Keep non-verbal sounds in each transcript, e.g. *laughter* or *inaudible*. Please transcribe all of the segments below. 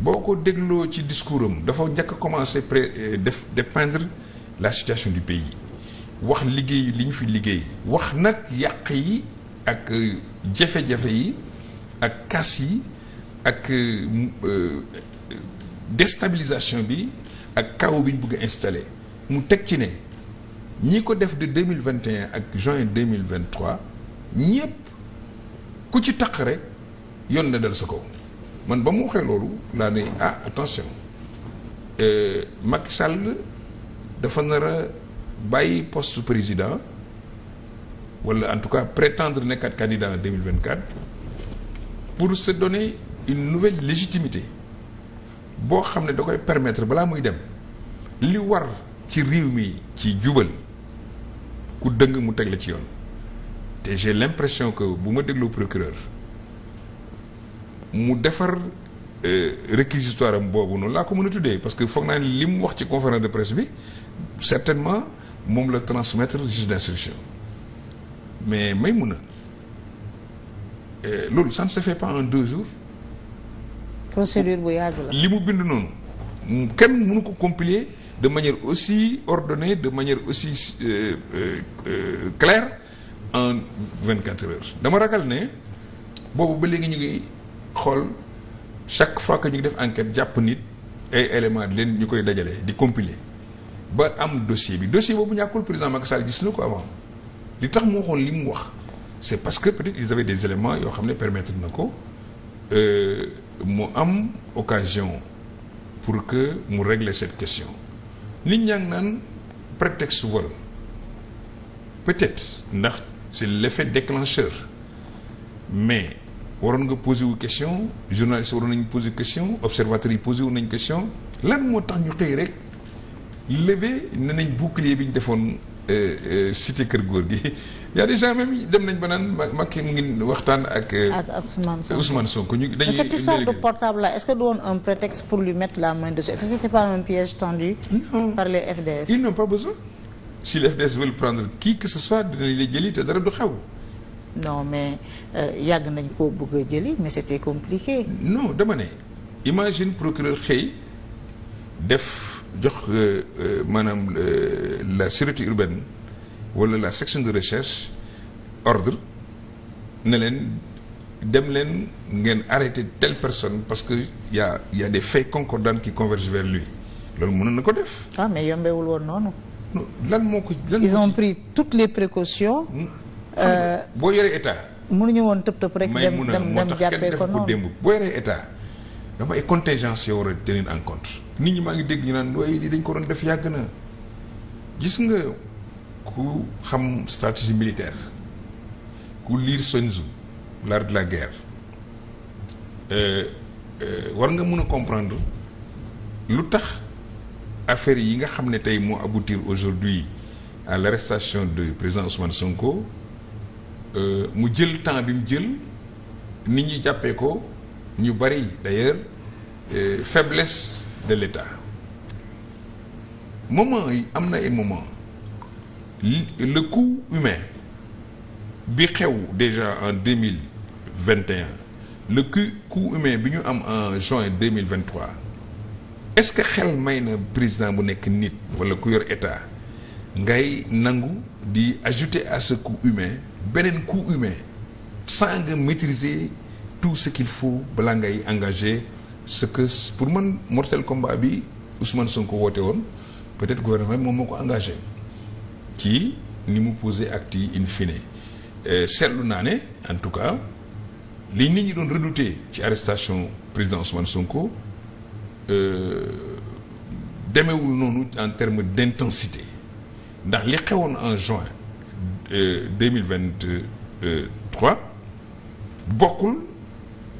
boo ko dégloo ci discours dafa njëkk a commencé pré euh, def dépeindre la situation du pays wax liggéey li ñu fi liggéey wax nag yàq yi ak euh, jafe-jafe yi ak kas yi ak euh, déstabilisation bi ak chaos bi ñu bëgg a mu teg ci ne ñi ko def de deux mille vingt et ak juin deux mille vingt trois ñëpp ku ci taq rek yoon na dal sa ko man ba mu waxee loolu laa ne ah attention euh, Macky Sall dafa nar a bàyyi poste président wala en tout cas prétendre nekkat candidat en 2024 pour se donner une nouvelle légitimité boo xam ne da koy permettre balaa muy dem li war ci réew mi ci jubal ku dëng mu teg la ci yoon te j'ai l'impression que bu ma dégloo procureur mu defar euh, réquisitoire am boobu noonu laa ko mën a tuddee parce que foog naa li mu wax ci conférence de presse bi certainement moom la transmettre juge d'instruction mais may mun a euh, loolu ça ne en deux jours. procédure bu li mu bind noonu kenn mënu ko compiler de manière aussi ordonnée de manière aussi euh, euh, euh claire en vingt quatre heures dama ragal ne boobu ba léegi ñu ngi. xool chaque fois que ñu ngi def enquête jàpp nit ay éléments di leen ñu koy dajalee di compiler ba am dossier bi dossier boobu ñàkkul président Macky Sall gis na ko avant li tax mu waxoon li mu wax c' est parce que peut-être ils des éléments yoo xam ne permettre na ko euh, mu am occasion pour que mu régler cette question nit ñaa ngi naan prétexte vol peut-être ndax c' est l' déclencheur mais waroon nga posé wu question journaliste waroon nañu posé question observateur yi posé wu nañ question lan moo tax ñu xëy rek levé ne nañ bouclier bi ñu defoon euh, euh, cité kër góor gi *laughs* y a des gens même dem nañ ba naan Macky mu ngi waxtaan ak. Euh, ak Ousmane Sonko Ousmane Sonko ñu dañuy. cette histoire de portable là est-ce que du woon un prétexte pour lui mettre la main dessus est-ce que c'est pas un piège tendu. non par jëli te dara du xew. non mais euh, yàgg nañ ko bëgg a jëli mais c'était compliqué. no dama ne imagine procureur xëy def jox euh, euh, maanaam la sûreté urbaine wala la section de recherche ordre ne leen dem leen ngeen arrêter telle personne parce que ya ya y a des faits concordants qui convergent vers lui loolu mënoon na ko def. ah mais yombewul woon noonu. non lan moo ko. lan ils ont pris toutes les précautions. Hmm. Euh, boo yoree état. mënuñu woon tëb tëb rek. dem dem dem jàppee ko noonu démb boo yoree état dafa ay contingence yoo war a tenir en compte. nit ñi maa ngi dégg ñu naan waaye lii dañ ko doon def yàgg na gis nga ku xam stratégie militaire ku lire Sun Tzu l'art la guerre euh, euh, war nga mun a comprendre lu tax affaire yi nga xam ne tey moo aboutir aujourd'hui à l'arrestation du président Ousmane Sonko Euh, mu jël temps bi mu jël nit ñu jàppee ko ñu bari d'ailleurs euh, faiblesse de l'État moment yi am na ay moment le coût humain bi xew déjà en deux mille vingt et un le coût humain bi ñu am en juin deux mille vingt est-ce que xel may na président bu nekk nit walla ku yor état ngay nangu di ajouter à ce coût humain beneen coût humain sans nga maîtriser tout ce qu'il faut balaa ngay engager ce que pour man mortel combat bi Ousmane Sonko woote woon peut-être gouvernement moom moo ko engagé ci ni mu poser acte yi in fine euh, seetlu naa ne en tout cas li nit ñi doon redouter ci arrestation président Ousmane Sonko euh, demeewul noonu en termes d'intensité ndax li xewoon en juin deux mille vingt trois bokkul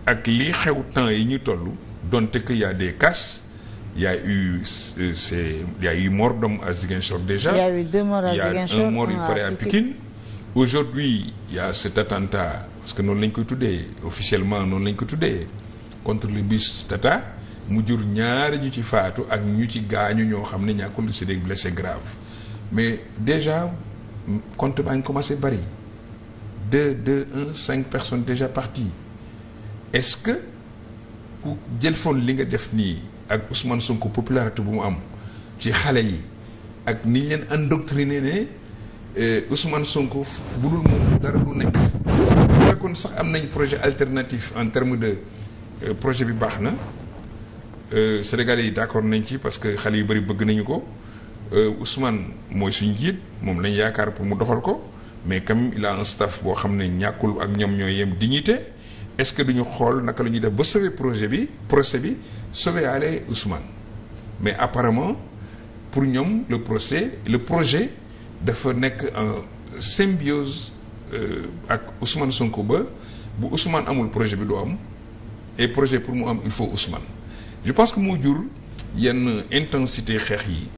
ak li xew temps yi ñu toll donte que y a des casses y a eu euh, c'est y a eu mort d'homme déjà. y a eu deux morts à Ziguinchor y a un mort il paraît ah, à Pikine. aujourd'hui il y a cet attentat parce que noonu lañ koy tuddee officiellement noonu lañ ko tuddee contre le bus Tata mu jur ñaari ñu ci faatu ak ñu ci gaañu ñoo xam ne ñàkkul c'est des blessés graves mais déjà compte baa ngi commencé bari deux deux un cinq personnes déjà parties est-ce que ku jël fon li nga def nii ak Ousmane sunk popularité bu mu am ci xale yi ak ni ñu leen endoctriné ne eh, Ousmane Sonko bu dul moom dara du nekk bu fekkoon sax am nañ projet alternatif en terme de eh, projet bi baax na eh, Sénégalais yi d'accord nañ ci parce que xale yu bari bëgg nañu ko Euh, Ousmane mooy suñ jiit moom lañ yaakaar pour mu doxal ko mais comme il a boo xam ne ñàkkul ak ñoom ñooy yem dignité est-ce que duñu xool naka la ñuy def ba sauver projet bi procès bi sauver ale Ousmane mais apparemment pour ñoom le procès le projet dafa nekk en symbiose euh, ak Ousmane Sonko ba bu Ousmane amul projet bi du am et projet pour mu am il faut Ousmane je pense que moo jur yenn intensité xeex yi